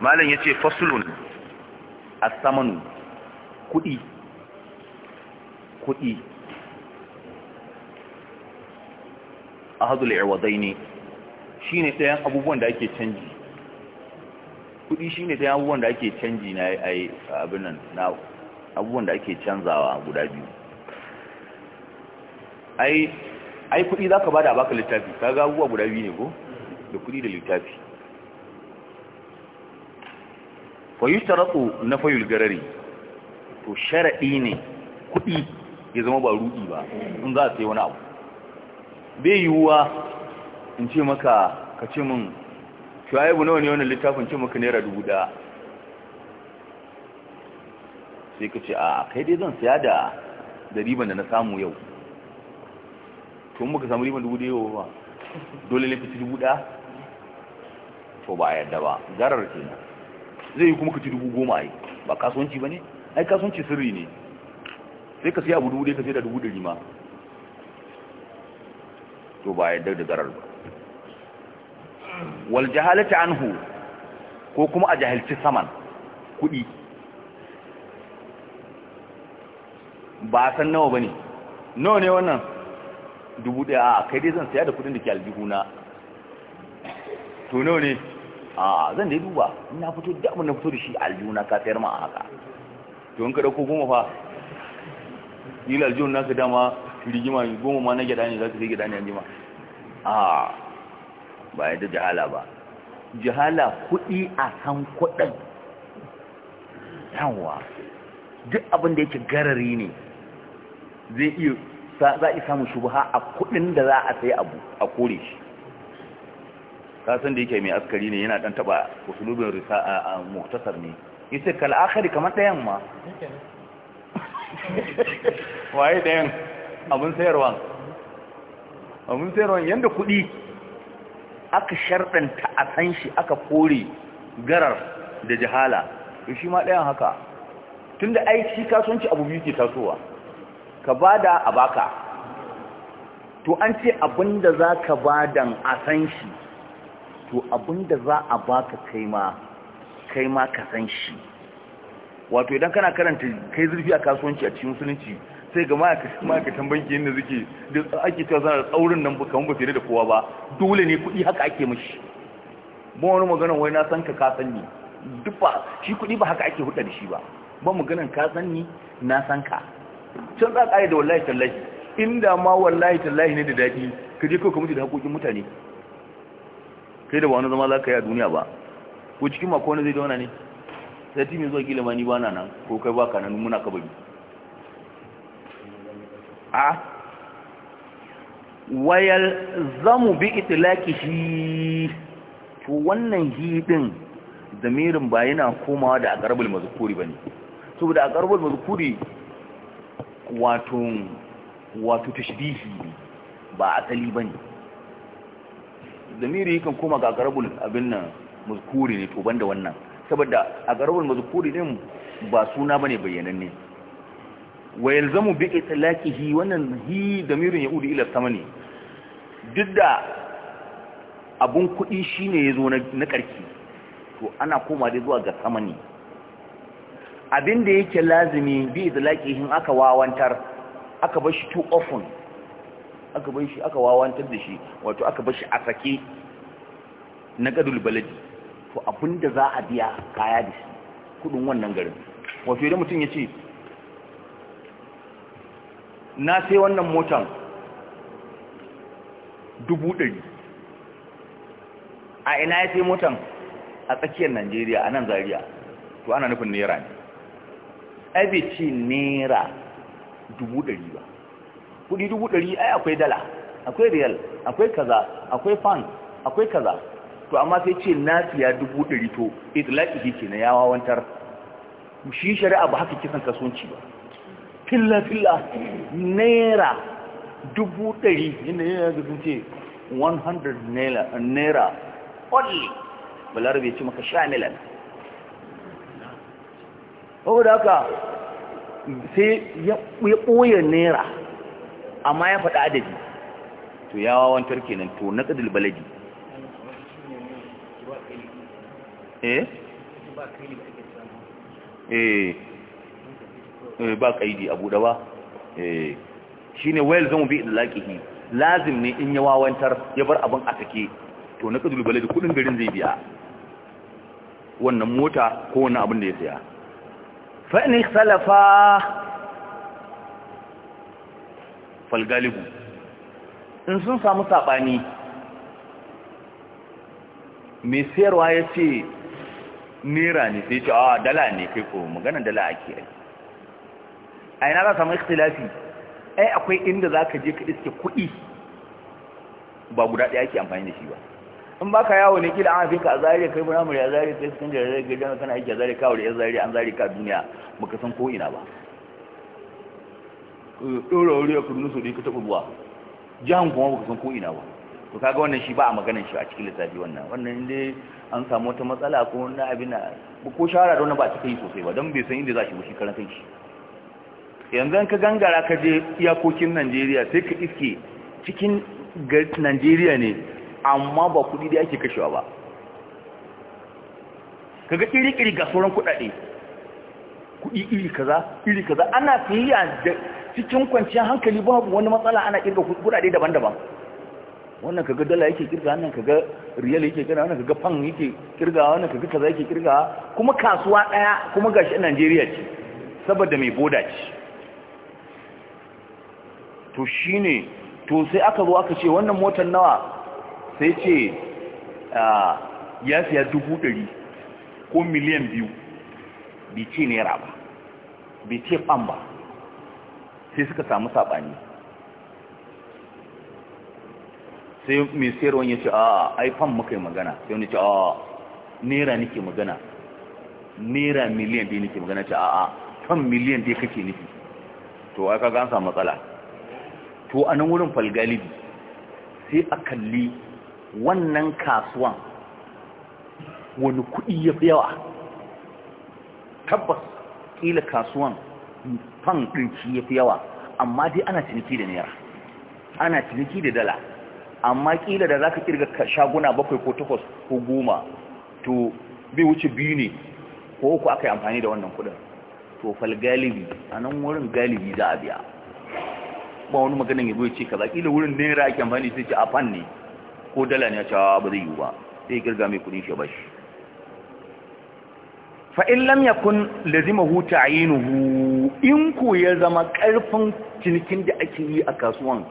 malam ce fasulun a samanu kudi kudi ne shi shine ɗayan abubuwan da ake canji kudi shine ɗayan abubuwan da ake canji na ai abin nan na abubuwan da ake canzawa guda biyu ai za ka ba bada baka littafi kaga abubuwa guda biyu ne ko da kudi da littafi fa na fayul garari to sharaɗi ne kuɗi ya zama ba ruɗi ba in za a sai wani abu bai yiwuwa in ce maka ka ce min shuaibu nawa ne wani littafin ce maka naira dubu ɗaya sai ka ce a kai dai zan siya da da riban da na samu yau tun muka samu riban dubu da yau ba dole ne fiti dubu ɗaya to ba a yadda ba garar kenan zai yi kuma ka ci dubu goma yi ba kasuwanci ba ne ai kasuwanci sirri ne sai ka siya abu dubu dai ka sai da dubu dari ma to ba yadda da garar ba wal jahalata anhu ko kuma a jahilci saman kuɗi ba san nawa ba ne nawa ne wannan dubu daya a kai dai zan saya da kuɗin da ke na to nawa ne a zan dai duba na fito da abin na fito da shi aljuna ka sayar ma a haka to in ko dauko goma fa yi na naka dama rigima goma ma na gyada ne za ka sai gyada ne an jima a ba yadda jihala ba jihala kuɗi a kan kuɗin yawa duk abin da yake garari ne zai iya za a samu shubuha a kuɗin da za a sai abu a kore shi kasan da yake mai askari ne yana dan taba usulubin risa'a a muktasar ne yace kal akhiri kamar dayan ma waye dayan abun sayarwa abun sayarwa yanda kudi aka sharɗanta a san shi aka kore garar da jahala to shi ma dayan haka tunda ai shi kasuwanci abu biyu ke tasowa ka bada a baka to an ce abinda zaka bada a san shi to abinda za a baka kai ma kai ma ka san shi wato idan kana karanta kai zurfi a kasuwanci a cikin musulunci sai ga ma'aikatan banki yadda zuke da ake cewa sana da tsaurin nan kamar ba fere da kowa ba dole ne kuɗi haka ake mashi ba wani magana wai na san ka ka san ni duk ba shi kuɗi ba haka ake huɗa da shi ba ba maganan ka san ni na san ka can za ka da wallahi tallahi inda ma wallahi tallahi ne da daɗi ka je kawai ka mutu da haƙoƙin mutane kai da ba wani zama za ka yi a duniya ba ko cikin mako wani zai dauna ne sai mai zuwa gila ma ni ba na nan ko kai ba ka nan muna ka bagi a wayal zamu bi itilaki shi to wannan hidin damirin ba yana komawa da ba ne, bane saboda a mazkuri wato wato tashbihi ba asali ne. zamiri yakan koma ga garabul abin nan mazkuri ne to banda wannan saboda a garabul mazkuri din ba suna bane bayyananne wa yalzamu bi itlaqihi wannan hi ya udi ila samani duk da abun kuɗi shine yazo na karki to ana koma dai zuwa ga samani abin da yake lazimi bi itlaqihin aka wawantar aka bar shi too often aka bai shi aka wawantar da shi wato aka bar shi a sake na gadul baladi to abinda za a biya kaya da shi kudin wannan garin wato idan mutum ya ce na sai wannan motan dubu ɗari a ina ya sai motan a tsakiyar najeriya a nan zariya to ana nufin naira ne bai ce naira dubu ɗari ba kudi dubu ɗari ai akwai dala akwai riyal akwai kaza akwai fan akwai kaza to amma sai ce na siya dubu ɗari to itlaki ke na ya wawantar shi shari'a ba haka kisan kasuwanci ba filla filla naira dubu ɗari yadda yana da sun ce 100 naira only balarabe ce maka sha milan da haka sai ya ɓoye naira amma ya faɗi adadi to ya wawantar kenan to na ƙadil baladi eh? eh eh ba ƙaidi a buɗe ba eh shi ne wayar zama bi idlaƙihi lazim ne in ya wawantar ya bar abin a sake. to na ƙadil baladi kudin garin zai biya wannan mota ko wani abin da ya saya fa'in salafa falgalibu in sun samu saɓani mai sayarwa ya ce nera ne sai ce awa dala ne kai ko magana dala ake yi a yana za samu ikhtilafi ai akwai inda za ka je ka iske kuɗi ba guda ɗaya ake amfani da shi ba in ba ka yawo ne kila an fi ka a zariya kai buramuri a zariya sai kan jirage gajen kana aiki a zariya kawo da ya zariya an zariya ka duniya baka san ko ina ba ɗora wuri a kudu nusu ka taɓa ruwa jihan kuma baka san ko ina ba to kaga wannan shi ba a maganar shi a cikin lissafi wannan wannan inda an samu wata matsala ko wani abin na ko shawara da wannan ba a cika yi sosai ba don bai san inda za shi ba shi karan shi yanzu ka gangara ka je iyakokin Najeriya sai ka iske cikin Najeriya ne amma ba kuɗi da ake kashewa ba kaga kiri iri ga sauran kudade kudi iri kaza iri kaza ana fiya cikin kwanciyar hankali babu wani matsala ana kirga kudade daban-daban wannan kaga dala yake kirga wannan kaga riyal yake kirga wannan kaga pound yake kirga wannan kaga kaza yake kirga kuma kasuwa daya kuma gashi a Najeriya ce saboda mai boda ce to shine to sai aka zo aka ce wannan motar nawa sai ce ya siya dubu dari ko miliyan biyu bai ce naira ba bai ce fan ba sai suka samu saɓani sai mai sayarwan ya ce a aifan muka yi magana sai wani ce a naira nake magana naira miliyan dai nake magana ce a a miliyan dai kake nufi to ai kaga an samu matsala to a nan wurin falgalibi sai a kalli wannan kasuwan wani kuɗi ya fi yawa tabbas ƙila kasuwan fan ɗinki ya fi yawa amma dai ana ciniki da naira ana ciniki da dala amma ƙila da za ka ƙirga shaguna bakwai ko takwas ko goma to bai wuce biyu ne ko uku aka yi amfani da wannan kuɗin to fal galibi a nan wurin galibi za a biya ba wani maganin ya bai ce kaza ƙila wurin naira ake amfani sai ce a fan ne ko dala ne a ce ba zai yiwu ba sai kirga mai kuɗin shi ba shi fa'in lam yakun lazimahu ta'inuhu in ku ya zama ƙarfin cinikin da ake yi a kasuwan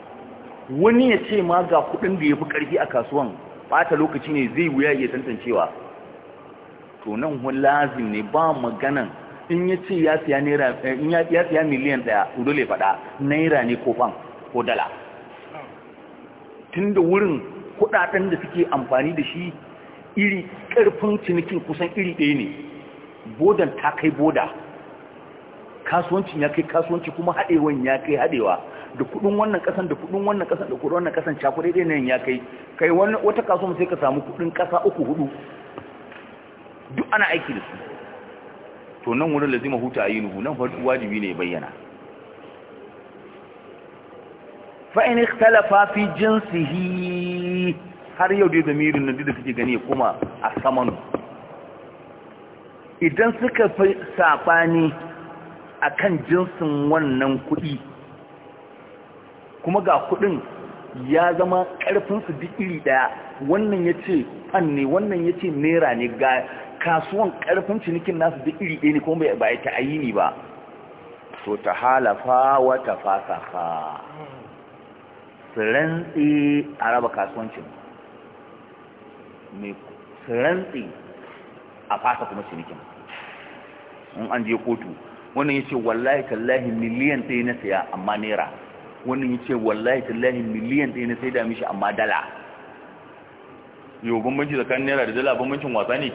wani ya ce ma ga kuɗin da ya fi ƙarfi a kasuwan ɓata lokaci ne zai wuya ya tantancewa to nan wani lazim ne ba maganan in ya ce ya siya eh, miliyan ɗaya dole faɗa naira ne ko fan ko dala tunda wurin kuɗaɗen da suke amfani da shi iri ƙarfin cinikin kusan iri ɗaya ne bodan ta kai boda kasuwancin ya kai kasuwanci kuma haɗewan ya kai haɗewa da kudin wannan kasan da kudin wannan kasan da kudin wannan kasan cakuɗe ɗaya nan ya kai kai wata kasuwa sai ka samu kudin kasa uku hudu duk ana aiki da su to nan wurin lazima huta a yi nuhu nan fa wajibi ne bayyana fa'in ikhtalafa fi jinsihi har yau dai zamirin nan da suke gani ya koma a saman idan suka fi saɓani akan jinsin wannan kuɗi kuma ga kuɗin ya zama ƙarfinsu duk iri ɗaya wannan ya ce fan ne wannan ya ce naira ne ga kasuwan ƙarfin cinikin nasu duk iri ɗaya ne kuma ba ya ta ne ba to ta halafa wata fasafa fa rantsi a raba kasuwancin mai rantsi a fasa kuma cinikin in an je kotu wannan ce, wallahi tallahi miliyan ɗaya na saya amma naira wannan ce, wallahi tallahi miliyan ɗaya na sai da mishi amma dala yau bambanci tsakanin naira da dala bambancin wasa ne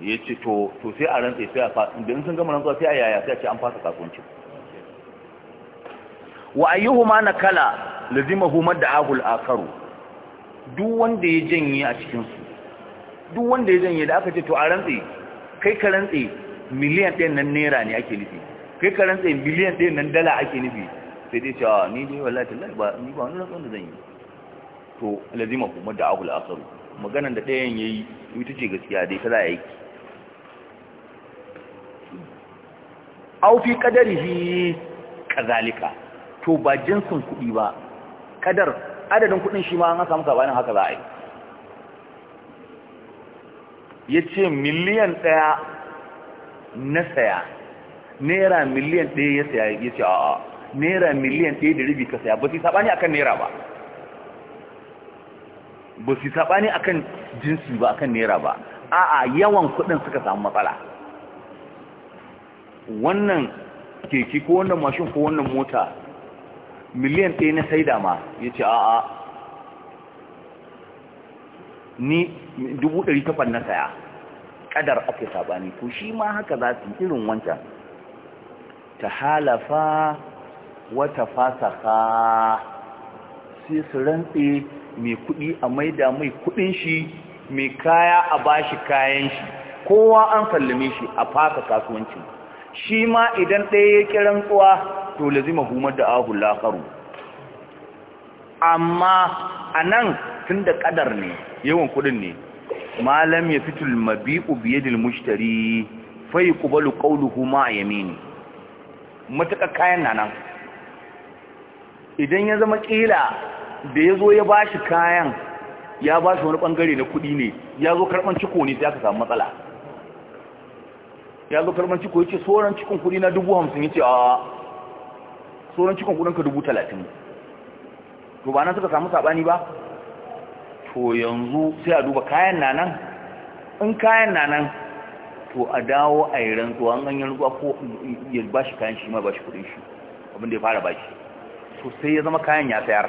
ya ce to sai a rantsa sai a fasa da sun gama rantsa sai a yaya sai a ce an fasa kasuwanci wa ayyuhuma nakala lazimahu a akaru duk wanda ya janye a cikin su duk wanda ya janye da aka ce to a rantsa kai ka rantsa miliyan ɗaya nan naira ne ake nufi kai ka rantsa miliyan ɗaya nan dala ake nufi sai dai cewa ni dai wallahi tallahi ba ni ba wani rantsan wanda zan yi to lazima kuma da ahul asaru maganan da ɗayan ya yi ita ce gaskiya dai ta za a yi au fi yi kazalika to ba jinsin kuɗi ba kadar adadin kuɗin shi ma an samu kabanin haka za a yi ya ce miliyan ɗaya na saya naira miliyan ɗaya ya saya ya ce a'a naira miliyan ɗaya da rabi ka saya ba su sabani akan naira ba ba su sabani akan jinsi ba akan naira ba a'a yawan kuɗin suka samu matsala wannan keke ko wannan mashin ko wannan mota miliyan ɗaya na saida ma ya ce a'a ni dubu ɗari takwas na saya kadar ake sabani to shi ma haka za su irin wancan ta halafa wata fasaka sai su rantse mai kudi a maida mai kudin shi mai kaya a bashi kayan shi kowa an sallame shi a fasa kasuwanci shi ma idan ɗaya ya kiran tsuwa to lazima humar da ahu lakaru amma a nan tun da ƙadar ne yawan kudin ne malam ya fitul mabi'u biyadil mushtari fai kubalu qawluhu ma yamini mutaka kayan nan idan ya zama kila da yazo ya bashi kayan ya bashi wani bangare na kudi ne ya zo karban ciko ne sai aka samu matsala ya zo karban ciko yace soran cikin kudi na ya yace a soran cikin kudin ka 30 to ba nan suka samu sabani ba to yanzu sai a duba kayan na nan in kayan na nan to a dawo a yi rantsuwa an ganyen rantsuwa ko ya ba shi kayan shi ma ba shi kudin shi abinda ya fara ba shi to sai ya zama kayan ya sayar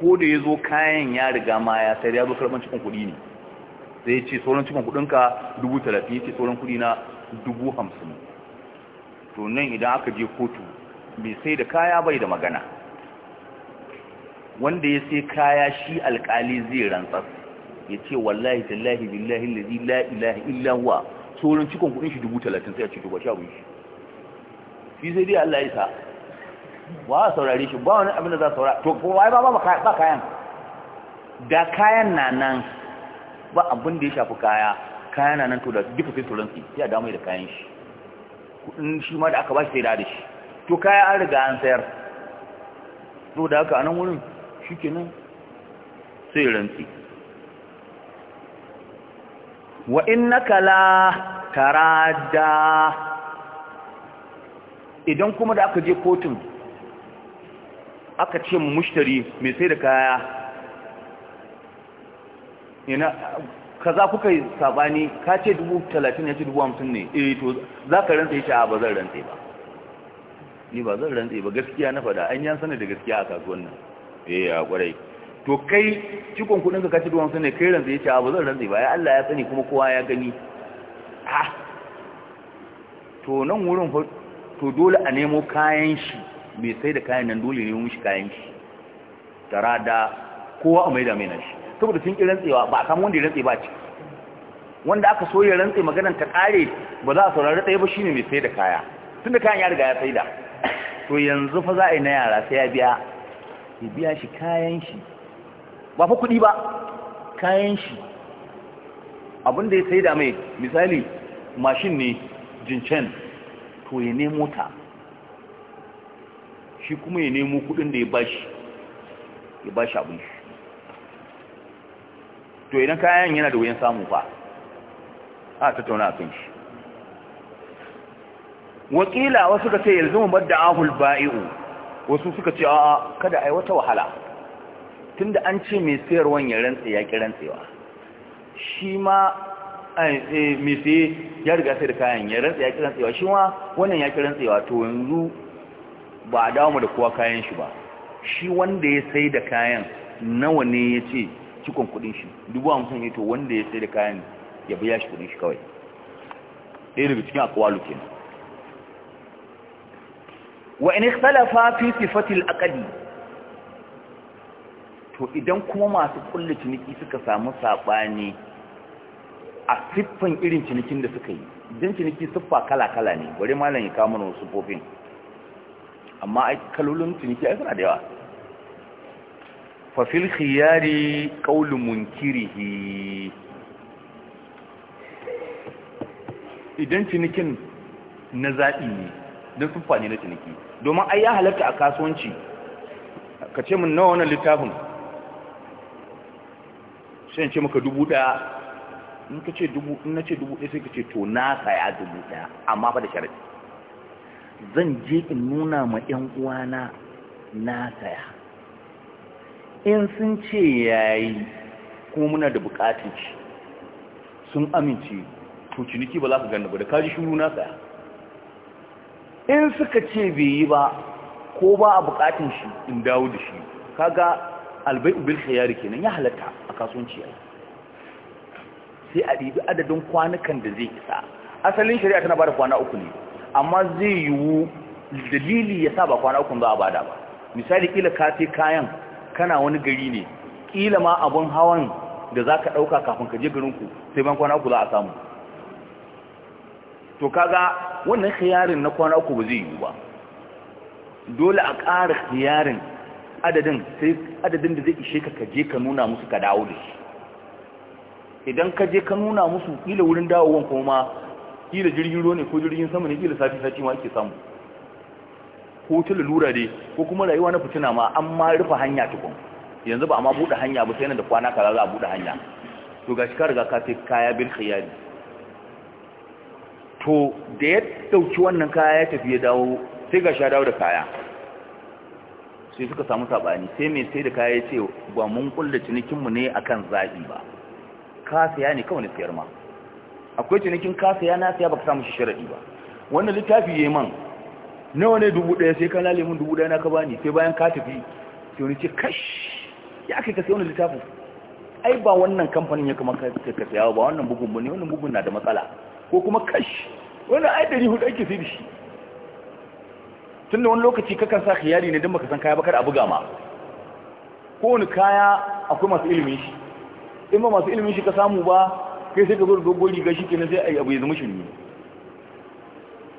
ko da ya zo kayan ya riga ma ya sayar ya zo karɓar cikin kuɗi ne sai ya ce sauran cikin kuɗinka dubu talafi ya ce sauran kuɗi na dubu hamsin to nan idan aka je kotu bai sai da kaya bai da magana wanda ya sai kaya shi alkali zai rantsar ya ce wallahi tallahi billahi lalzi la illawa tsoron huwa cikon kudin shi dubu talatin sai a ce dubu sha shi shi sai dai Allah ya sa ba a saurari shi ba wani abin da za a saurare to kuma ba ba kayan da kayan na nan ba abin da ya shafi kaya kayan na nan to da duka sai turansu ya damu da kayan shi kudin shi ma da aka ba shi sai da shi to kaya an riga an sayar to da haka a nan wurin shi nan sai rantsi wa innaka kala tarada idan kuma da aka je kotun aka ce mushtari mai sai da kaya ina za kuka yi sabani ka ce dubu talatin ya ce dubu hamsin ne eh to za ka rantsa ya a ba zan rantsa ba ni ba zan rantsa ba gaskiya na fada an yan sanar da gaskiya a kasuwan nan ya to kai cikon kudin ka kaci duwan ne kai ranzu yace abu zan ranzu ba ya Allah ya sani kuma kowa ya gani ha to nan wurin fa to dole a nemo kayan shi mai sai da kayan nan dole ne mun shi kayan shi tara da kowa a maida mai nan shi saboda sun kiran tsewa ba a samu wanda ya rantse ba ci wanda aka so ya rantse maganar ta kare ba za a saurari tsaye ba shine mai sai da kaya tunda kayan ya riga ya da, to yanzu fa za a yi na yara sai ya biya ya biya shi kayan shi ba fa kuɗi ba kayan shi abinda ya sai da mai misali mashin ne jincen to ya nemo ta shi kuma ya nemo kuɗin da ya bashi ya bashi abin shi to idan kayan yana da wuyan samu fa a tattauna a kan shi wakila wasu ka ce yanzu mu badda ahul ba'i'u wasu suka ce a kada ai wata wahala tunda an ce mai sayarwan ya rantsa ya ki shi ma eh, mai saye ya riga sai da kayan ya rantsa ya ki shi ma wannan ya ki to yanzu ba a dawo mu da kowa kayan shi ba shi wanda ya sai da kayan nawa ne ya ce cikon kudin shi dubu hamsin ne to wanda ya sai da kayan ya biya shi kudin shi kawai ɗaya daga cikin akwalu kenan wa in ikhtalafa fi sifatil aqdi to idan kuma masu kullu ciniki suka samu saɓani, a siffan irin cinikin da suka yi din ciniki siffa kala-kala ne bari malam ya kawo mana wasu kofin amma ai kalolin ciniki ai suna da yawa fa fil khiyari qawlu munkirihi idan cinikin na zaɓi ne don tuffa ne na ciniki domin ai ya halarta a kasuwanci ka ce min nawa wannan littafin sai ce maka dubu daya in ka ce dubu in na ce dubu daya sai ka ce to na saya dubu daya amma fa da sharadi zan je in nuna ma yan uwana na saya in sun ce yayi kuma muna da bukatun shi sun amince to ciniki ba za ka ganda ba da kaji shuru na saya in suka ce bai yi ba ko ba a bukatun shi in dawo da shi kaga albai ubil khiyari kenan ya halatta a kasuwanci sai a ɗibi adadin kwanukan da zai isa asalin shari'a tana bada kwana uku ne amma zai yiwu dalili ya sa ba kwana uku za a bada ba misali kila ka sai kayan kana wani gari ne kila ma abun hawan da za ka ɗauka kafin ka je garinku sai ban kwana uku za a samu to kaga wannan khiyarin na kwana uku ba zai yi ba dole a ƙara khiyarin adadin sai adadin da zai ishe ka kaje ka nuna musu ka dawo da shi idan ka je ka nuna musu kila wurin dawowan kuma kila jirgin ruwa ne ko jirgin sama ne kila sati sati ma ake samu ko ta lura dai ko kuma rayuwa na fitina ma an ma rufe hanya tukun yanzu ba a ma buɗe hanya ba sai nan da kwana kaza za a buɗe hanya to gashi ka riga ka sai kaya bil khiyari to da ya dauki wannan kaya ya tafi ya dawo sai ga sha dawo da kaya sai suka samu sabani sai mai sai da kaya ya ce ba mun kulle cinikinmu ne a kan zaɓi ba ka saya ne kawai na siyar ma akwai cinikin ka saya na saya baka samu shi sharadi ba wannan littafi yi man nawa ne dubu ɗaya sai ka lalimin dubu ɗaya na ka bani sai bayan ka tafi sai wani ce kash ya kai ka sayi wannan littafin ai ba wannan kamfanin ya kama ka saya ba wannan bugun ba ne wannan bugun na da matsala ko kuma kash wani ai ɗari hudu ake sai da shi tun da wani lokaci kakan sa khiyari ne don baka san kaya bakar a buga ma kowane kaya akwai masu ilimin shi in ba masu ilimin shi ka samu ba kai sai ka zo da dogon riga shi kenan sai abu ya zama ne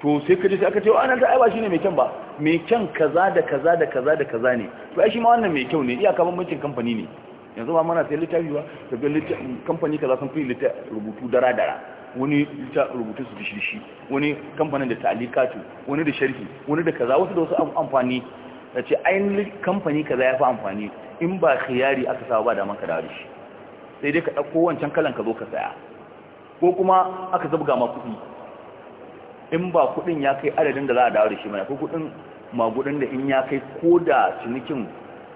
to sai ka je sai aka ce anan ta aiwa shine mai kyan ba mai kyan kaza da kaza da kaza da kaza ne to ai shi ma wannan mai kyau ne iyaka bambancin kamfani ne yanzu ba mana sai littafi ba ka kamfani kaza sun fi rubutu dara dara wani ta rubutu su shirshi wani kamfanin da ta'alikatu wani da sharhi wani da kaza wasu da wasu amfani da ce ainihin kamfani kaza ya fi amfani in ba khiyari aka sa ba da maka da shi sai dai ka ɗauko wancan kalan ka zo ka saya ko kuma aka zabga ma kuɗi in ba kuɗin ya kai adadin da za a dawo da shi mana ko kuɗin magudin da in ya kai ko da cinikin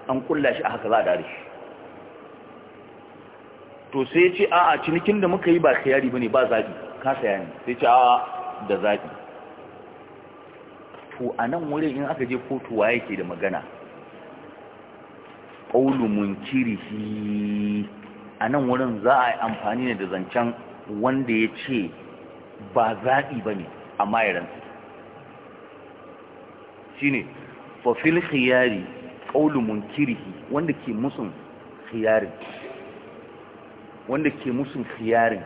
an kulla shi a haka za a dawo da shi to sai ce a'a cinikin da muka yi ba khiyari bane ba zabi ka saya ne sai ce a da zabi to anan wurin in aka je kotu wa yake da magana qawlu munkirihi anan wurin za a yi amfani ne da zancen wanda ya ce ba zabi bane amma ya rantsa shine fa fil khiyari qawlu munkirihi wanda ke musun khiyarin wanda ke musun khiyarin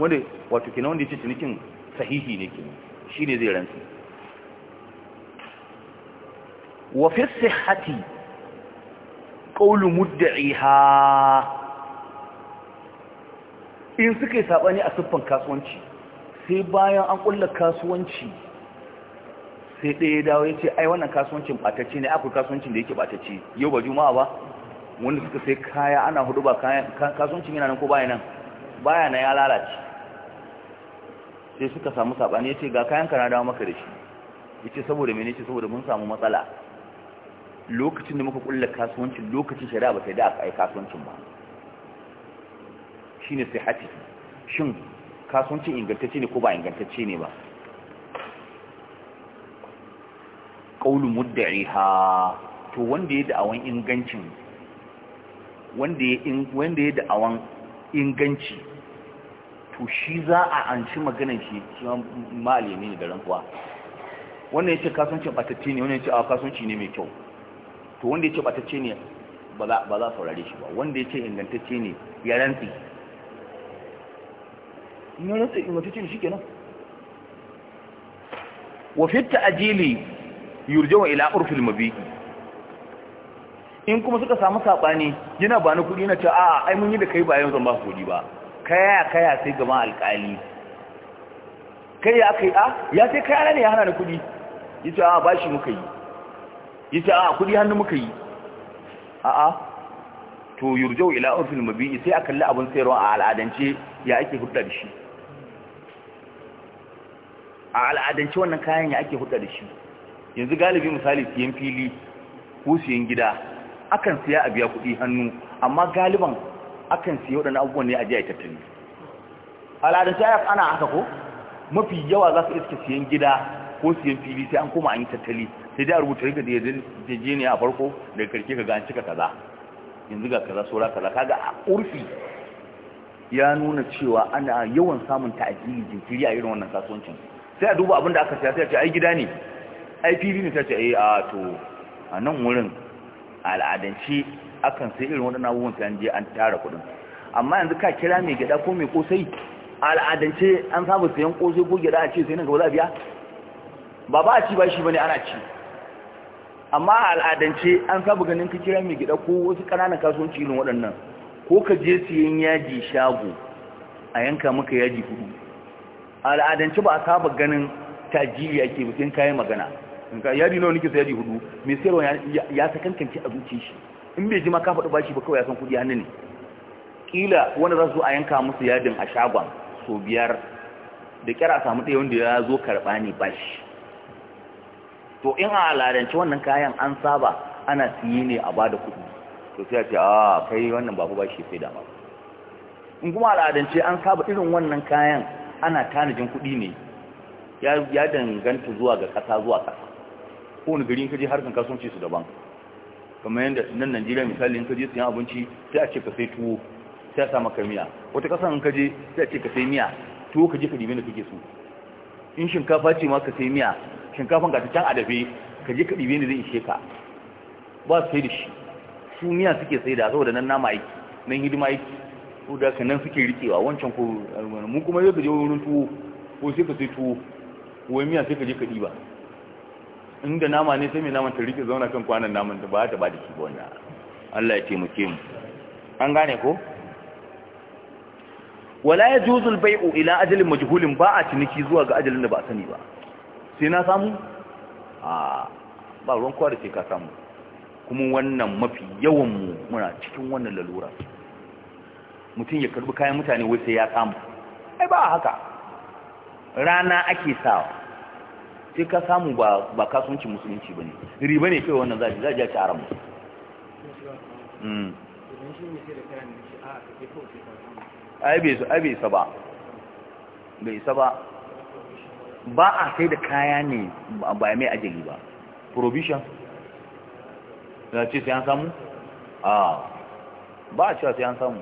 wanda wato kenan wanda ya cinikin sahihi ne kenan shi zai rantsi wa fi sihhati qawlu mudda'iha in suka yi sabani a siffan kasuwanci sai bayan an kulla kasuwanci sai ɗaya dawo ya ce ai wannan kasuwancin ɓatacce ne akwai kasuwancin da yake ɓatacce yau ba juma'a ba wanda suka sai kaya ana hudu ba kasuwancin yana nan ko baya nan baya na ya lalace sai suka samu sabani ya ce ga kayan ka na dawo maka da shi ya ce saboda mai ce saboda mun samu matsala lokacin da muka kulla kasuwancin lokacin shari'a ba sai da aka yi kasuwancin ba shi ne sai hati shin kasuwancin ingantacce ne ko ba ingantacce ne ba ƙaunin muddari ha to wanda ya da'awan ingancin wanda ya wanda ya da'awan inganci to shi za a anci maganar shi kuma malami ne da rantsuwa wannan yace kasuwancin batacce ne wannan yace a ah, kasuwanci ne mai kyau to wanda yace batacce ne ba za ba za saurare shi ba wanda yace ingantacce ne ya rantsi in ya rantsi ingantacce ne shikenan wa fi ta'jili yurjawa ila urfil mabiki. in kuma suka samu saɓani yana ba na kuɗi na ce a ai mun yi da kai ba yanzu ba kuɗi ba kaya kaya sai gama alƙali kai ya kai a ah, ya sai kaya ne ya hana ni kuɗi ya ce a ba shi muka yi ya ce a kuɗi hannu muka yi a a to yurjau ila urfin mabi'i sai a kalli abin sayarwa a al'adance ya ake hudda da shi a al'adance wannan kayan ya ake hudda da shi yanzu galibi misali siyan fili ko siyan gida akan siya a biya kuɗi hannu amma galiban akan siya waɗannan abubuwan ne a jiya tattali al'adun ta ana haka ko mafi yawa za su iske siyan gida ko siyan fili sai an koma an yi tattali sai dai a rubuta riga da je ne a farko da karke ka gani cika kaza yanzu ga kaza saura kaza kaga a urfi ya nuna cewa ana yawan samun ta'ajili jinkiri a irin wannan kasuwancin sai a duba abin da aka siya sai a ce ai gida ne ai fili ne ta ce ai eh, a to a nan wurin al'adance akan sai irin waɗannan abubuwan sai an je an tara kuɗin amma yanzu ka kira mai gyaɗa ko mai kosai al'adance an saba sayan kosai ko gyaɗa a ce sai nan gaba za a biya ba ba a ci ba shi bane ana ci amma al'adance an saba ganin ka kira mai gyaɗa ko wasu ƙananan kasuwanci irin waɗannan ko ka je siyan yaji shago a yanka maka yaji A al'adance ba a saba ganin tajiri ake bikin kayan magana ka yadi nawa nake sai yadi hudu mai sayarwa ya sakankance a zuci shi in bai ji ma ka faɗi bashi ba kawai ya san kuɗi hannu ne kila wanda za su a yanka musu yadin a shagon so biyar da kira a samu ɗaya wanda ya zo karɓa ne bashi to in a al'adance wannan kayan an saba ana siye ne a bada kuɗi to sai a ce a ah, kai wannan babu bashi sai ba in kuma al'adance an saba irin wannan kayan ana tanajin kuɗi ne ya danganta zuwa ga ƙasa zuwa ƙasa kowane gari in ka je harkan kasuwanci su daban kamar yadda nan Najeriya misali in ka je siyan abinci sai a ce ka sai tuwo sai a sa maka miya wata kasa in ka je sai a ce ka sai miya tuwo ka je ka dibe da kake so in shinkafa ce ma ka sai miya shinkafan ga ta can adabe ka je ka dibe ne zai ishe ka ba su sai da shi su miya suke sai da saboda nan nama aiki nan hidima aiki ko da ka nan suke rikewa wancan ko mu kuma yau ka je wurin tuwo ko sai ka sai tuwo ko miya sai ka je ka diba inda nama ne sai mai naman ta rike zauna kan kwanan naman da ba ta ba da shi ba wannan Allah ya taimake mu an gane ko wala yajuzul bai'u ila ajalin majhulin ba a ciniki zuwa ga ajalin da ba sani ba sai na samu a ba ruwan kwa da sai ka samu kuma wannan mafi yawan mu muna cikin wannan lalura mutum ya karbi kayan mutane wai sai ya samu ai ba haka rana ake sawa sai ka samu ba kasuwanci musulunci ba ne riba ne kai wannan zaji zaji ya ci haramu hmm. ai bai ba bai isa ba ba a sai da kaya ne ba mai ajali ba provision za ce sai an samu a ba a cewa sai an samu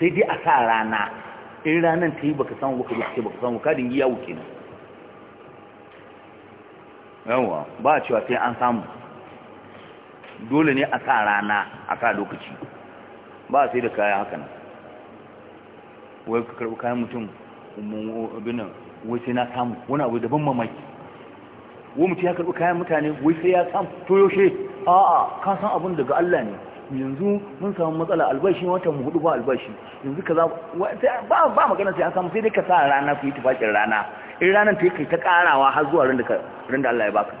sai dai a sa rana in ranar ta yi baka samu baka baka samu kadin yi yawo kenan yawa ba cewa sai an samu dole ne a sa rana a sa lokaci ba sai da kaya haka nan wai ka karɓi kayan mutum nan wai sai na samu wani abu daban mamaki wai mutum ya karɓi kayan mutane wai sai ya samu to yaushe a'a ka san abin daga Allah ne yanzu mun samu matsala albashi watan mu hudu ba albashi yanzu kaza za ba magana sai an samu sai dai ka sa rana ku yi tufakin rana in ranar ta kai ta karawa har zuwa ran da Allah ya baka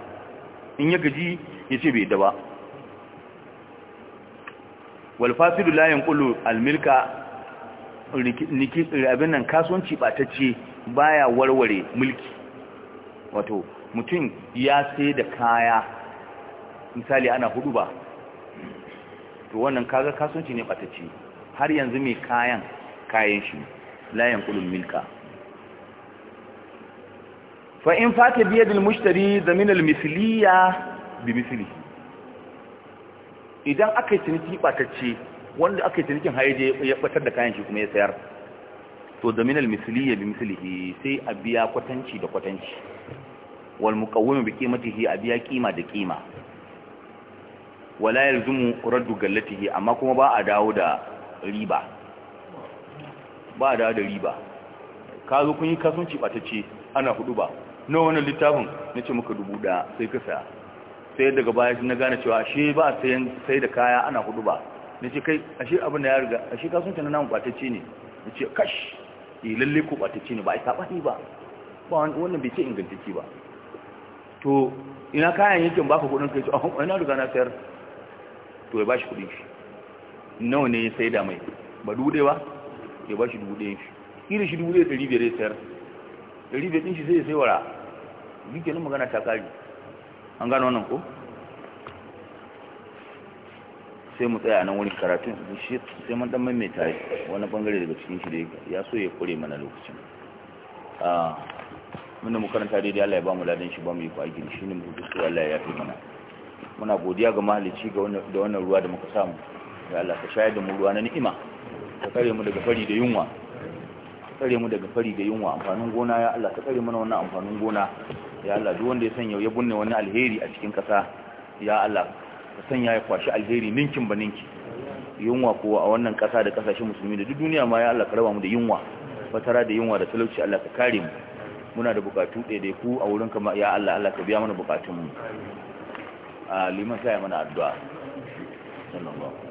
in ya gaji ya ce bai daba walfasidu layin kulu almilka abin nan kasuwanci ɓatacce baya warware mulki wato mutum ya sai da kaya misali ana hudu ba to wannan kaga kasuwanci ne ɓatacce har yanzu mai kayan kayan shi layin kulun milka fa in fata biya al-mushtari zamin al-misliya bi misli idan aka yi ciniki batacce wanda aka yi cinikin haije ya ɓatar da kayan shi kuma ya sayar to zamin al-misliya bi mislihi sai a biya kwatanci da kwatanci wal muqawwim bi qimatihi a biya kima da kima wala yalzumu raddu gallatihi amma kuma ba a dawo da riba ba a dawo da riba ka zo kun yi kasuwanci batacce ana hudu ba nawa wannan littafin na ce muka dubu ɗaya sai ka saya sai daga baya na gane cewa ashe ba sayan sai da kaya ana hudu ba na ce kai ashe abin da ya riga ashe kasuwancin na namun kwatacce ne na ce kash yi eh lalle ko kwatacce ne ba a yi saɓani ba ba wannan bai ce ingantacce ba to ina kayan yankin baka kudin kai ce a na riga na sayar to ya bashi kudin shi nawa ne ya sai da mai ba dubu ɗaya ba ya shi dubu ɗaya shi ƙila shi dubu ɗaya ɗari biyar ya sayar ɗari biyar ɗin shi sai ya sai wara shi magana ta ƙari an gano wannan ko sai mu tsaya nan wani karatun sai mun dan maimaita wani bangare daga cikin shi da ya so ya kure mana lokacin Muna mun mu karanta daidai Allah ya ba mu ladan shi ba mu yi kwaji shi ne mu duk Allah ya yafi mana muna godiya ga mahalicci ga wannan da wannan ruwa da muka samu ya Allah ka shayar da mu ruwa na ni'ima ka kare mu daga fari da yunwa kare mu daga fari da yunwa amfanin gona ya Allah ka kare mana wannan amfanin gona ya Allah duk wanda ya sanya ya bunne wani alheri a cikin kasa ya Allah ka sanya ya kwashi alheri ninkin ba ninki yunwa kuwa a wannan kasa da kasashen musulmi da duk duniya ma ya Allah ka raba mu da yunwa fatara da yunwa da talauci Allah ka kare mu muna da bukatu ɗaya ku a wurin ka ya Allah Allah ka biya mana bukatunmu a liman sai mana addu'a sallallahu